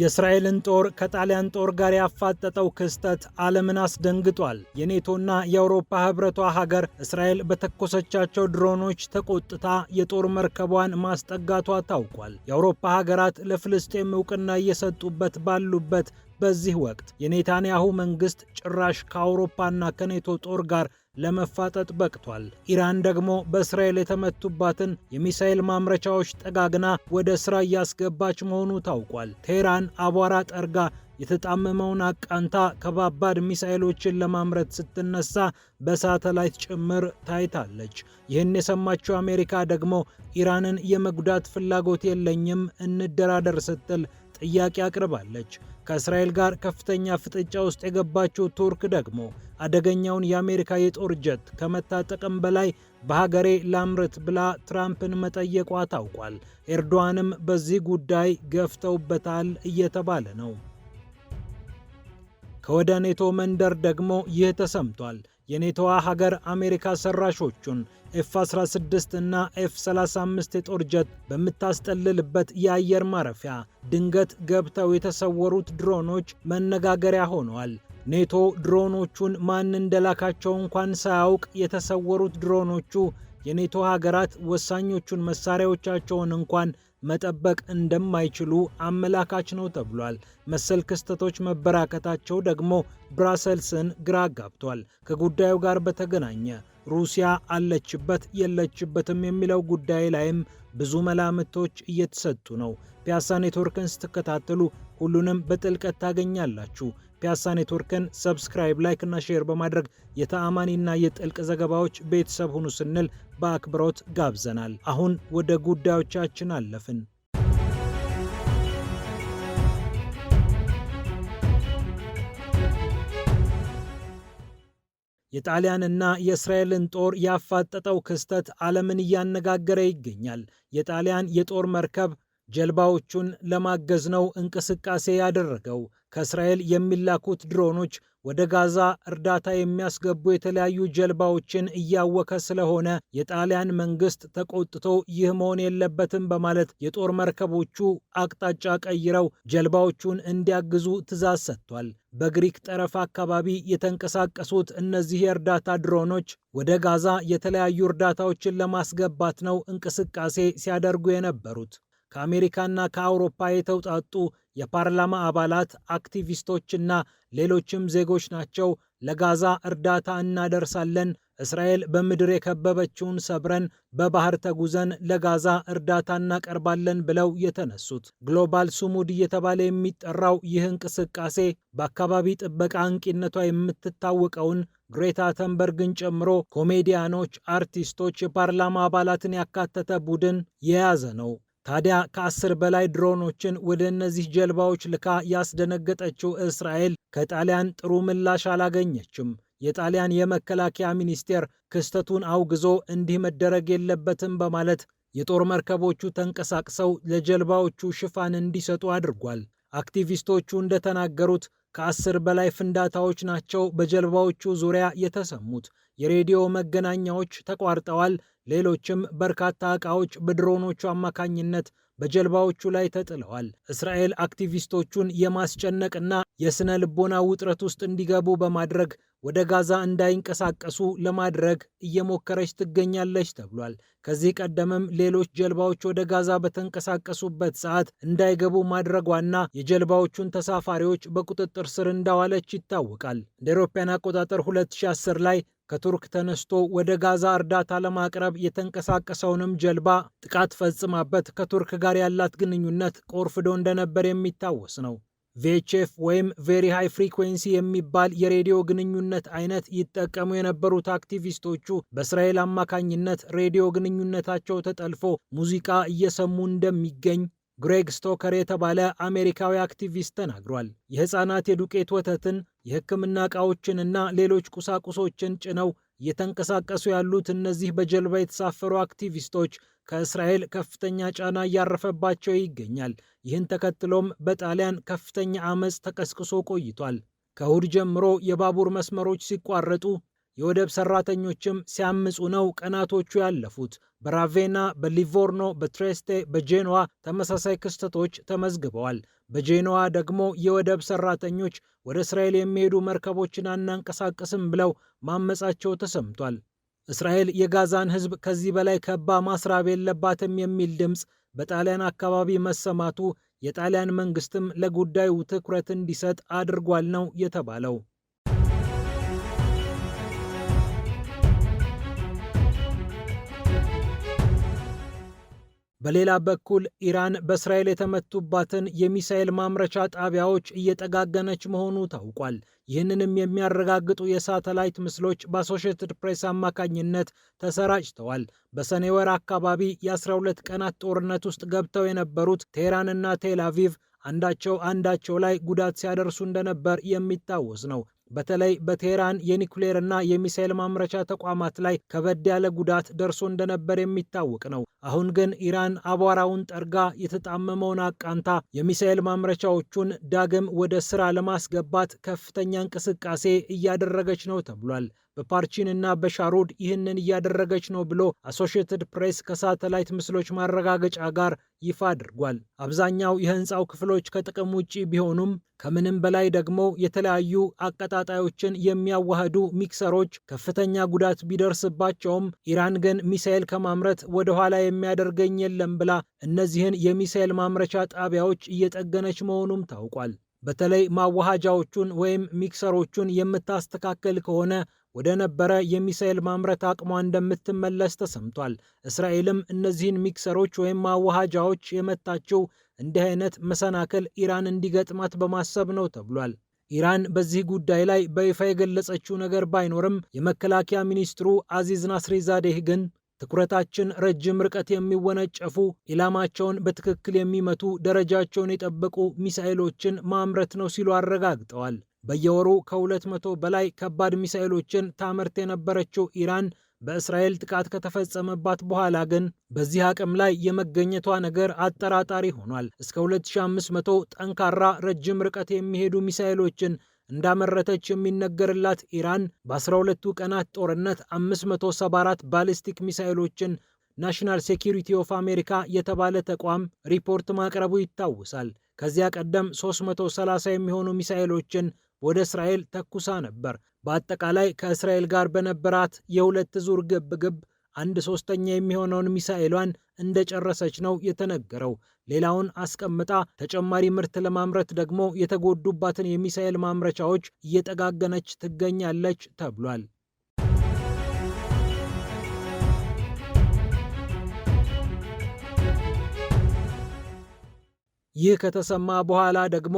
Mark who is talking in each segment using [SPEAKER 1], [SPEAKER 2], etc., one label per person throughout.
[SPEAKER 1] የእስራኤልን ጦር ከጣሊያን ጦር ጋር ያፋጠጠው ክስተት ዓለምን አስደንግጧል። የኔቶና የአውሮፓ ህብረቷ ሀገር እስራኤል በተኮሰቻቸው ድሮኖች ተቆጥታ የጦር መርከቧን ማስጠጋቷ ታውቋል። የአውሮፓ ሀገራት ለፍልስጤም እውቅና እየሰጡበት ባሉበት በዚህ ወቅት የኔታንያሁ መንግስት ጭራሽ ከአውሮፓና ከኔቶ ጦር ጋር ለመፋጠጥ በቅቷል። ኢራን ደግሞ በእስራኤል የተመቱባትን የሚሳኤል ማምረቻዎች ጠጋግና ወደ ሥራ እያስገባች መሆኑ ታውቋል። ቴህራን አቧራ ጠርጋ የተጣመመውን አቃንታ ከባባድ ሚሳኤሎችን ለማምረት ስትነሳ በሳተላይት ጭምር ታይታለች። ይህን የሰማችው አሜሪካ ደግሞ ኢራንን የመጉዳት ፍላጎት የለኝም እንደራደር ስትል ጥያቄ አቅርባለች። ከእስራኤል ጋር ከፍተኛ ፍጥጫ ውስጥ የገባችው ቱርክ ደግሞ አደገኛውን የአሜሪካ የጦር ጀት ከመታጠቅም በላይ በሀገሬ ላምርት ብላ ትራምፕን መጠየቋ ታውቋል። ኤርዶዋንም በዚህ ጉዳይ ገፍተውበታል እየተባለ ነው። ከወደ ኔቶ መንደር ደግሞ ይህ ተሰምቷል። የኔቶዋ ሀገር አሜሪካ ሰራሾቹን ኤፍ 16 እና ኤፍ 35 የጦር ጀት በምታስጠልልበት የአየር ማረፊያ ድንገት ገብተው የተሰወሩት ድሮኖች መነጋገሪያ ሆነዋል። ኔቶ ድሮኖቹን ማን እንደላካቸው እንኳን ሳያውቅ የተሰወሩት ድሮኖቹ የኔቶ ሀገራት ወሳኞቹን መሳሪያዎቻቸውን እንኳን መጠበቅ እንደማይችሉ አመላካች ነው ተብሏል። መሰል ክስተቶች መበራከታቸው ደግሞ ብራሰልስን ግራ አጋብቷል። ከጉዳዩ ጋር በተገናኘ ሩሲያ አለችበት የለችበትም የሚለው ጉዳይ ላይም ብዙ መላምቶች እየተሰጡ ነው። ፒያሳ ኔትወርክን ስትከታተሉ ሁሉንም በጥልቀት ታገኛላችሁ። ፒያሳ ኔትወርክን ሰብስክራይብ፣ ላይክ እና ሼር በማድረግ የተአማኒና የጥልቅ ዘገባዎች ቤተሰብ ሁኑ ስንል በአክብሮት ጋብዘናል። አሁን ወደ ጉዳዮቻችን አለፍን። የጣሊያንና የእስራኤልን ጦር ያፋጠጠው ክስተት ዓለምን እያነጋገረ ይገኛል። የጣሊያን የጦር መርከብ ጀልባዎቹን ለማገዝ ነው እንቅስቃሴ ያደረገው። ከእስራኤል የሚላኩት ድሮኖች ወደ ጋዛ እርዳታ የሚያስገቡ የተለያዩ ጀልባዎችን እያወከ ስለሆነ የጣሊያን መንግስት ተቆጥቶ ይህ መሆን የለበትም በማለት የጦር መርከቦቹ አቅጣጫ ቀይረው ጀልባዎቹን እንዲያግዙ ትዕዛዝ ሰጥቷል። በግሪክ ጠረፍ አካባቢ የተንቀሳቀሱት እነዚህ የእርዳታ ድሮኖች ወደ ጋዛ የተለያዩ እርዳታዎችን ለማስገባት ነው እንቅስቃሴ ሲያደርጉ የነበሩት። ከአሜሪካና ከአውሮፓ የተውጣጡ የፓርላማ አባላት፣ አክቲቪስቶችና ሌሎችም ዜጎች ናቸው። ለጋዛ እርዳታ እናደርሳለን፣ እስራኤል በምድር የከበበችውን ሰብረን በባህር ተጉዘን ለጋዛ እርዳታ እናቀርባለን ብለው የተነሱት ግሎባል ሱሙድ እየተባለ የሚጠራው ይህ እንቅስቃሴ በአካባቢ ጥበቃ አንቂነቷ የምትታወቀውን ግሬታ ተንበርግን ጨምሮ ኮሜዲያኖች፣ አርቲስቶች፣ የፓርላማ አባላትን ያካተተ ቡድን የያዘ ነው። ታዲያ ከአስር በላይ ድሮኖችን ወደ እነዚህ ጀልባዎች ልካ ያስደነገጠችው እስራኤል ከጣሊያን ጥሩ ምላሽ አላገኘችም። የጣሊያን የመከላከያ ሚኒስቴር ክስተቱን አውግዞ እንዲህ መደረግ የለበትም በማለት የጦር መርከቦቹ ተንቀሳቅሰው ለጀልባዎቹ ሽፋን እንዲሰጡ አድርጓል። አክቲቪስቶቹ እንደተናገሩት ከአስር በላይ ፍንዳታዎች ናቸው በጀልባዎቹ ዙሪያ የተሰሙት። የሬዲዮ መገናኛዎች ተቋርጠዋል። ሌሎችም በርካታ ዕቃዎች በድሮኖቹ አማካኝነት በጀልባዎቹ ላይ ተጥለዋል። እስራኤል አክቲቪስቶቹን የማስጨነቅና የሥነ ልቦና ውጥረት ውስጥ እንዲገቡ በማድረግ ወደ ጋዛ እንዳይንቀሳቀሱ ለማድረግ እየሞከረች ትገኛለች ተብሏል። ከዚህ ቀደምም ሌሎች ጀልባዎች ወደ ጋዛ በተንቀሳቀሱበት ሰዓት እንዳይገቡ ማድረጓና የጀልባዎቹን ተሳፋሪዎች በቁጥጥር ስር እንዳዋለች ይታወቃል። እንደ አውሮፓውያን አቆጣጠር 2010 ላይ ከቱርክ ተነስቶ ወደ ጋዛ እርዳታ ለማቅረብ የተንቀሳቀሰውንም ጀልባ ጥቃት ፈጽማበት ከቱርክ ጋር ያላት ግንኙነት ቆርፍዶ እንደነበር የሚታወስ ነው። ቪኤችኤፍ ወይም ቬሪ ሃይ ፍሪኩዌንሲ የሚባል የሬዲዮ ግንኙነት አይነት ይጠቀሙ የነበሩት አክቲቪስቶቹ በእስራኤል አማካኝነት ሬዲዮ ግንኙነታቸው ተጠልፎ ሙዚቃ እየሰሙ እንደሚገኝ ግሬግ ስቶከር የተባለ አሜሪካዊ አክቲቪስት ተናግሯል። የሕፃናት የዱቄት ወተትን፣ የሕክምና ዕቃዎችንና ሌሎች ቁሳቁሶችን ጭነው እየተንቀሳቀሱ ያሉት እነዚህ በጀልባ የተሳፈሩ አክቲቪስቶች ከእስራኤል ከፍተኛ ጫና እያረፈባቸው ይገኛል። ይህን ተከትሎም በጣሊያን ከፍተኛ አመፅ ተቀስቅሶ ቆይቷል። ከእሁድ ጀምሮ የባቡር መስመሮች ሲቋረጡ፣ የወደብ ሰራተኞችም ሲያምፁ ነው ቀናቶቹ ያለፉት። በራቬና በሊቮርኖ በትሬስቴ በጄኖዋ ተመሳሳይ ክስተቶች ተመዝግበዋል። በጄኖዋ ደግሞ የወደብ ሰራተኞች ወደ እስራኤል የሚሄዱ መርከቦችን አናንቀሳቀስም ብለው ማመጻቸው ተሰምቷል። እስራኤል የጋዛን ሕዝብ ከዚህ በላይ ከባ ማስራብ የለባትም የሚል ድምፅ በጣሊያን አካባቢ መሰማቱ የጣሊያን መንግስትም ለጉዳዩ ትኩረት እንዲሰጥ አድርጓል ነው የተባለው። በሌላ በኩል ኢራን በእስራኤል የተመቱባትን የሚሳኤል ማምረቻ ጣቢያዎች እየጠጋገነች መሆኑ ታውቋል። ይህንንም የሚያረጋግጡ የሳተላይት ምስሎች በአሶሽትድ ፕሬስ አማካኝነት ተሰራጭተዋል። በሰኔ ወር አካባቢ የ12 ቀናት ጦርነት ውስጥ ገብተው የነበሩት ቴህራንና ቴል አቪቭ አንዳቸው አንዳቸው ላይ ጉዳት ሲያደርሱ እንደነበር የሚታወስ ነው። በተለይ በቴህራን የኒኩሌርና የሚሳኤል ማምረቻ ተቋማት ላይ ከበድ ያለ ጉዳት ደርሶ እንደነበር የሚታወቅ ነው። አሁን ግን ኢራን አቧራውን ጠርጋ የተጣመመውን አቃንታ የሚሳኤል ማምረቻዎቹን ዳግም ወደ ስራ ለማስገባት ከፍተኛ እንቅስቃሴ እያደረገች ነው ተብሏል። በፓርቺን እና በሻሮድ ይህንን እያደረገች ነው ብሎ አሶሺየትድ ፕሬስ ከሳተላይት ምስሎች ማረጋገጫ ጋር ይፋ አድርጓል። አብዛኛው የህንፃው ክፍሎች ከጥቅም ውጪ ቢሆኑም ከምንም በላይ ደግሞ የተለያዩ አቀጣጣዮችን የሚያዋህዱ ሚክሰሮች ከፍተኛ ጉዳት ቢደርስባቸውም ኢራን ግን ሚሳኤል ከማምረት ወደኋላ የሚያደርገኝ የለም ብላ እነዚህን የሚሳኤል ማምረቻ ጣቢያዎች እየጠገነች መሆኑም ታውቋል። በተለይ ማዋሃጃዎቹን ወይም ሚክሰሮቹን የምታስተካከል ከሆነ ወደ ነበረ የሚሳኤል ማምረት አቅሟ እንደምትመለስ ተሰምቷል። እስራኤልም እነዚህን ሚክሰሮች ወይም ማዋሃጃዎች የመታችው እንዲህ አይነት መሰናክል ኢራን እንዲገጥማት በማሰብ ነው ተብሏል። ኢራን በዚህ ጉዳይ ላይ በይፋ የገለጸችው ነገር ባይኖርም የመከላከያ ሚኒስትሩ አዚዝ ናስሪዛዴህ ግን ትኩረታችን ረጅም ርቀት የሚወነጨፉ ኢላማቸውን በትክክል የሚመቱ ደረጃቸውን የጠበቁ ሚሳኤሎችን ማምረት ነው ሲሉ አረጋግጠዋል። በየወሩ ከ መቶ በላይ ከባድ ሚሳኤሎችን ታመርት የነበረችው ኢራን በእስራኤል ጥቃት ከተፈጸመባት በኋላ ግን በዚህ አቅም ላይ የመገኘቷ ነገር አጠራጣሪ ሆኗል። እስከ 2500 ጠንካራ ረጅም ርቀት የሚሄዱ ሚሳኤሎችን እንዳመረተች የሚነገርላት ኢራን በ12ቱ ቀናት ጦርነት 574 ባሊስቲክ ሚሳይሎችን ናሽናል ሴኪሪቲ ኦፍ አሜሪካ የተባለ ተቋም ሪፖርት ማቅረቡ ይታወሳል። ከዚያ ቀደም 330 የሚሆኑ ሚሳይሎችን ወደ እስራኤል ተኩሳ ነበር። በአጠቃላይ ከእስራኤል ጋር በነበራት የሁለት ዙር ግብግብ አንድ ሶስተኛ የሚሆነውን ሚሳኤሏን እንደጨረሰች ነው የተነገረው። ሌላውን አስቀምጣ ተጨማሪ ምርት ለማምረት ደግሞ የተጎዱባትን የሚሳኤል ማምረቻዎች እየጠጋገነች ትገኛለች ተብሏል። ይህ ከተሰማ በኋላ ደግሞ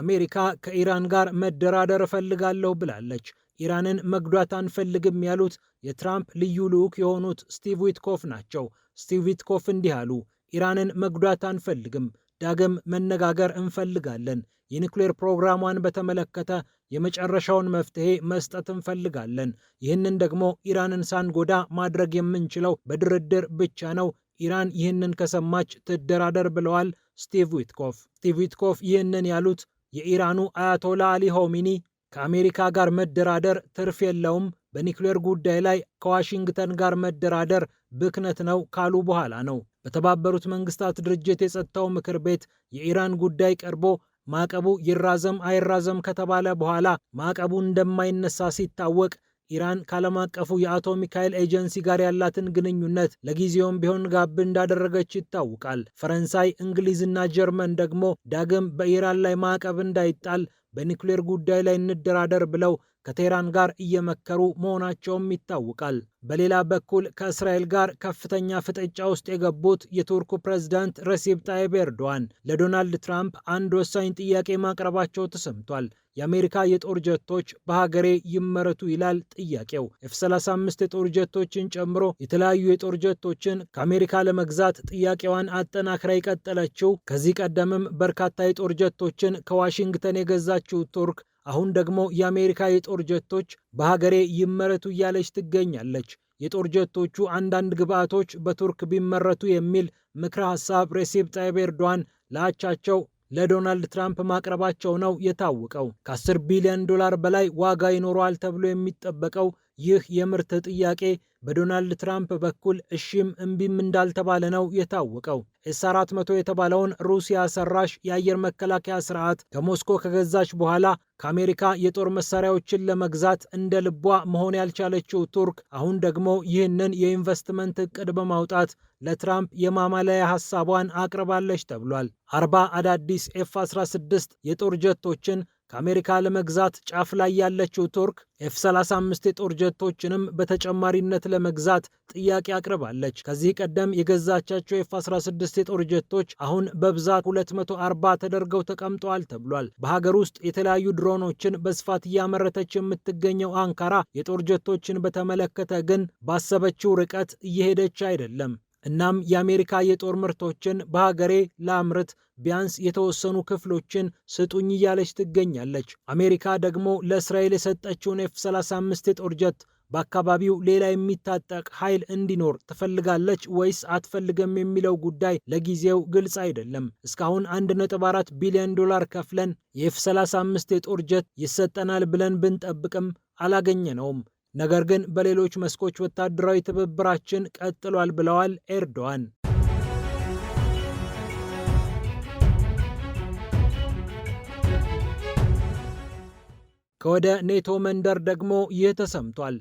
[SPEAKER 1] አሜሪካ ከኢራን ጋር መደራደር እፈልጋለሁ ብላለች። ኢራንን መጉዳት አንፈልግም ያሉት የትራምፕ ልዩ ልዑክ የሆኑት ስቲቭ ዊትኮፍ ናቸው። ስቲቭ ዊትኮፍ እንዲህ አሉ። ኢራንን መጉዳት አንፈልግም፣ ዳግም መነጋገር እንፈልጋለን። የኒውክሌር ፕሮግራሟን በተመለከተ የመጨረሻውን መፍትሄ መስጠት እንፈልጋለን። ይህንን ደግሞ ኢራንን ሳንጎዳ ማድረግ የምንችለው በድርድር ብቻ ነው። ኢራን ይህንን ከሰማች ትደራደር ብለዋል ስቲቭ ዊትኮፍ። ስቲቭ ዊትኮፍ ይህንን ያሉት የኢራኑ አያቶላ አሊ ሆሚኒ ከአሜሪካ ጋር መደራደር ትርፍ የለውም በኒውክሌር ጉዳይ ላይ ከዋሽንግተን ጋር መደራደር ብክነት ነው ካሉ በኋላ ነው በተባበሩት መንግስታት ድርጅት የጸጥታው ምክር ቤት የኢራን ጉዳይ ቀርቦ ማዕቀቡ ይራዘም አይራዘም ከተባለ በኋላ ማዕቀቡ እንደማይነሳ ሲታወቅ ኢራን ከዓለም አቀፉ የአቶሚክ ኃይል ኤጀንሲ ጋር ያላትን ግንኙነት ለጊዜውም ቢሆን ጋብ እንዳደረገች ይታወቃል። ፈረንሳይ፣ እንግሊዝና ጀርመን ደግሞ ዳግም በኢራን ላይ ማዕቀብ እንዳይጣል በኒውክሌር ጉዳይ ላይ እንደራደር ብለው ከቴህራን ጋር እየመከሩ መሆናቸውም ይታወቃል። በሌላ በኩል ከእስራኤል ጋር ከፍተኛ ፍጥጫ ውስጥ የገቡት የቱርኩ ፕሬዝዳንት ረሲብ ጣይብ ኤርዶዋን ለዶናልድ ትራምፕ አንድ ወሳኝ ጥያቄ ማቅረባቸው ተሰምቷል። የአሜሪካ የጦር ጀቶች በሀገሬ ይመረቱ ይላል ጥያቄው። ኤፍ35 የጦር ጀቶችን ጨምሮ የተለያዩ የጦር ጀቶችን ከአሜሪካ ለመግዛት ጥያቄዋን አጠናክራ የቀጠለችው ከዚህ ቀደምም በርካታ የጦር ጀቶችን ከዋሽንግተን የገዛችው ቱርክ አሁን ደግሞ የአሜሪካ የጦር ጀቶች በሀገሬ ይመረቱ እያለች ትገኛለች። የጦር ጀቶቹ አንዳንድ ግብአቶች በቱርክ ቢመረቱ የሚል ምክረ ሀሳብ ሬሲፕ ጣይብ ኤርዶዋን ለአቻቸው ለዶናልድ ትራምፕ ማቅረባቸው ነው የታወቀው። ከ10 ቢሊዮን ዶላር በላይ ዋጋ ይኖረዋል ተብሎ የሚጠበቀው ይህ የምርት ጥያቄ በዶናልድ ትራምፕ በኩል እሺም እምቢም እንዳልተባለ ነው የታወቀው። ኤስ 400 የተባለውን ሩሲያ ሰራሽ የአየር መከላከያ ስርዓት ከሞስኮ ከገዛች በኋላ ከአሜሪካ የጦር መሳሪያዎችን ለመግዛት እንደ ልቧ መሆን ያልቻለችው ቱርክ አሁን ደግሞ ይህንን የኢንቨስትመንት እቅድ በማውጣት ለትራምፕ የማማለያ ሀሳቧን አቅርባለች ተብሏል። አርባ አዳዲስ ኤፍ 16 የጦር ጀቶችን ከአሜሪካ ለመግዛት ጫፍ ላይ ያለችው ቱርክ ኤፍ 35 የጦር ጀቶችንም በተጨማሪነት ለመግዛት ጥያቄ አቅርባለች። ከዚህ ቀደም የገዛቻቸው ኤፍ 16 የጦር ጀቶች አሁን በብዛት 240 ተደርገው ተቀምጠዋል ተብሏል። በሀገር ውስጥ የተለያዩ ድሮኖችን በስፋት እያመረተች የምትገኘው አንካራ የጦር ጀቶችን በተመለከተ ግን ባሰበችው ርቀት እየሄደች አይደለም። እናም የአሜሪካ የጦር ምርቶችን በሀገሬ ላምርት ቢያንስ የተወሰኑ ክፍሎችን ስጡኝ እያለች ትገኛለች። አሜሪካ ደግሞ ለእስራኤል የሰጠችውን ኤፍ 35 የጦር ጀት በአካባቢው ሌላ የሚታጠቅ ኃይል እንዲኖር ትፈልጋለች ወይስ አትፈልግም የሚለው ጉዳይ ለጊዜው ግልጽ አይደለም። እስካሁን 1.4 ቢሊዮን ዶላር ከፍለን የኤፍ 35 የጦር ጀት ይሰጠናል ብለን ብንጠብቅም አላገኘነውም። ነገር ግን በሌሎች መስኮች ወታደራዊ ትብብራችን ቀጥሏል ብለዋል ኤርዶዋን። ከወደ ኔቶ መንደር ደግሞ ይህ ተሰምቷል።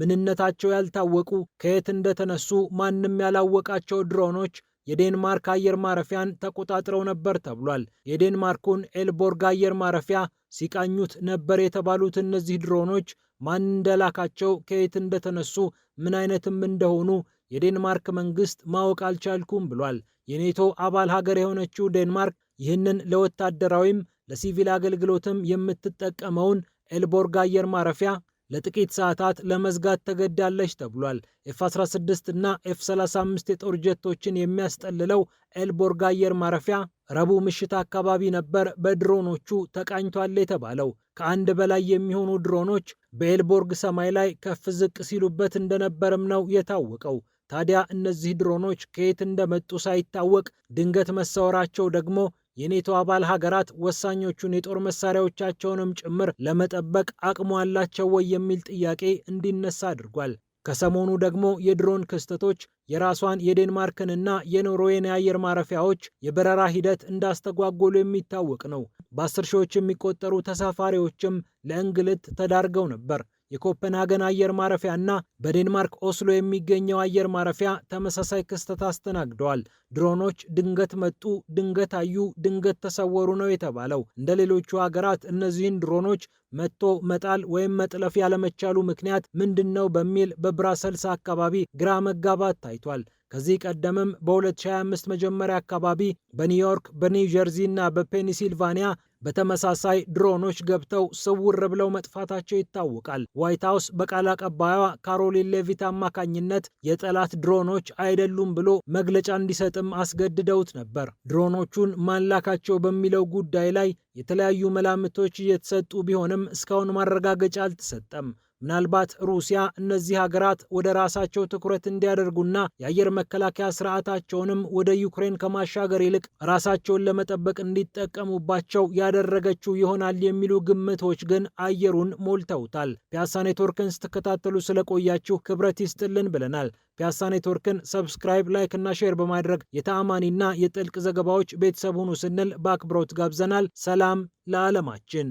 [SPEAKER 1] ምንነታቸው ያልታወቁ ከየት እንደተነሱ ማንም ያላወቃቸው ድሮኖች የዴንማርክ አየር ማረፊያን ተቆጣጥረው ነበር ተብሏል። የዴንማርኩን ኤልቦርግ አየር ማረፊያ ሲቃኙት ነበር የተባሉት እነዚህ ድሮኖች ማን እንደላካቸው፣ ከየት እንደተነሱ፣ ምን አይነትም እንደሆኑ የዴንማርክ መንግስት ማወቅ አልቻልኩም ብሏል። የኔቶ አባል ሀገር የሆነችው ዴንማርክ ይህንን ለወታደራዊም ለሲቪል አገልግሎትም የምትጠቀመውን ኤልቦርግ አየር ማረፊያ ለጥቂት ሰዓታት ለመዝጋት ተገዳለች ተብሏል። ኤፍ 16 እና ኤፍ 35 የጦር ጀቶችን የሚያስጠልለው ኤልቦርግ አየር ማረፊያ ረቡዕ ምሽት አካባቢ ነበር በድሮኖቹ ተቃኝቷል የተባለው። ከአንድ በላይ የሚሆኑ ድሮኖች በኤልቦርግ ሰማይ ላይ ከፍ ዝቅ ሲሉበት እንደነበርም ነው የታወቀው። ታዲያ እነዚህ ድሮኖች ከየት እንደመጡ ሳይታወቅ ድንገት መሰወራቸው ደግሞ የኔቶ አባል ሀገራት ወሳኞቹን የጦር መሳሪያዎቻቸውንም ጭምር ለመጠበቅ አቅሙ አላቸው ወይ የሚል ጥያቄ እንዲነሳ አድርጓል። ከሰሞኑ ደግሞ የድሮን ክስተቶች የራሷን የዴንማርክንና የኖርዌይን የአየር ማረፊያዎች የበረራ ሂደት እንዳስተጓጎሉ የሚታወቅ ነው። በአስር ሺዎች የሚቆጠሩ ተሳፋሪዎችም ለእንግልት ተዳርገው ነበር። የኮፐንሃገን አየር ማረፊያ እና በዴንማርክ ኦስሎ የሚገኘው አየር ማረፊያ ተመሳሳይ ክስተት አስተናግደዋል። ድሮኖች ድንገት መጡ፣ ድንገት አዩ፣ ድንገት ተሰወሩ ነው የተባለው። እንደ ሌሎቹ ሀገራት እነዚህን ድሮኖች መጥቶ መጣል ወይም መጥለፍ ያለመቻሉ ምክንያት ምንድን ነው በሚል በብራሰልስ አካባቢ ግራ መጋባት ታይቷል። ከዚህ ቀደምም በ2025 መጀመሪያ አካባቢ በኒውዮርክ፣ በኒውጀርዚ እና በፔንሲልቫኒያ በተመሳሳይ ድሮኖች ገብተው ስውር ብለው መጥፋታቸው ይታወቃል። ዋይት ሀውስ በቃል አቀባዩ ካሮሊን ሌቪት አማካኝነት የጠላት ድሮኖች አይደሉም ብሎ መግለጫ እንዲሰጥም አስገድደውት ነበር። ድሮኖቹን ማላካቸው በሚለው ጉዳይ ላይ የተለያዩ መላምቶች እየተሰጡ ቢሆንም እስካሁን ማረጋገጫ አልተሰጠም። ምናልባት ሩሲያ እነዚህ ሀገራት ወደ ራሳቸው ትኩረት እንዲያደርጉና የአየር መከላከያ ስርዓታቸውንም ወደ ዩክሬን ከማሻገር ይልቅ ራሳቸውን ለመጠበቅ እንዲጠቀሙባቸው ያደረገችው ይሆናል የሚሉ ግምቶች ግን አየሩን ሞልተውታል። ፒያሳ ኔትወርክን ስትከታተሉ ስለቆያችሁ ክብረት ይስጥልን ብለናል። ፒያሳ ኔትወርክን ሰብስክራይብ፣ ላይክ እና ሼር በማድረግ የተአማኒና የጥልቅ ዘገባዎች ቤተሰብ ሁኑ ስንል በአክብሮት ጋብዘናል። ሰላም ለዓለማችን።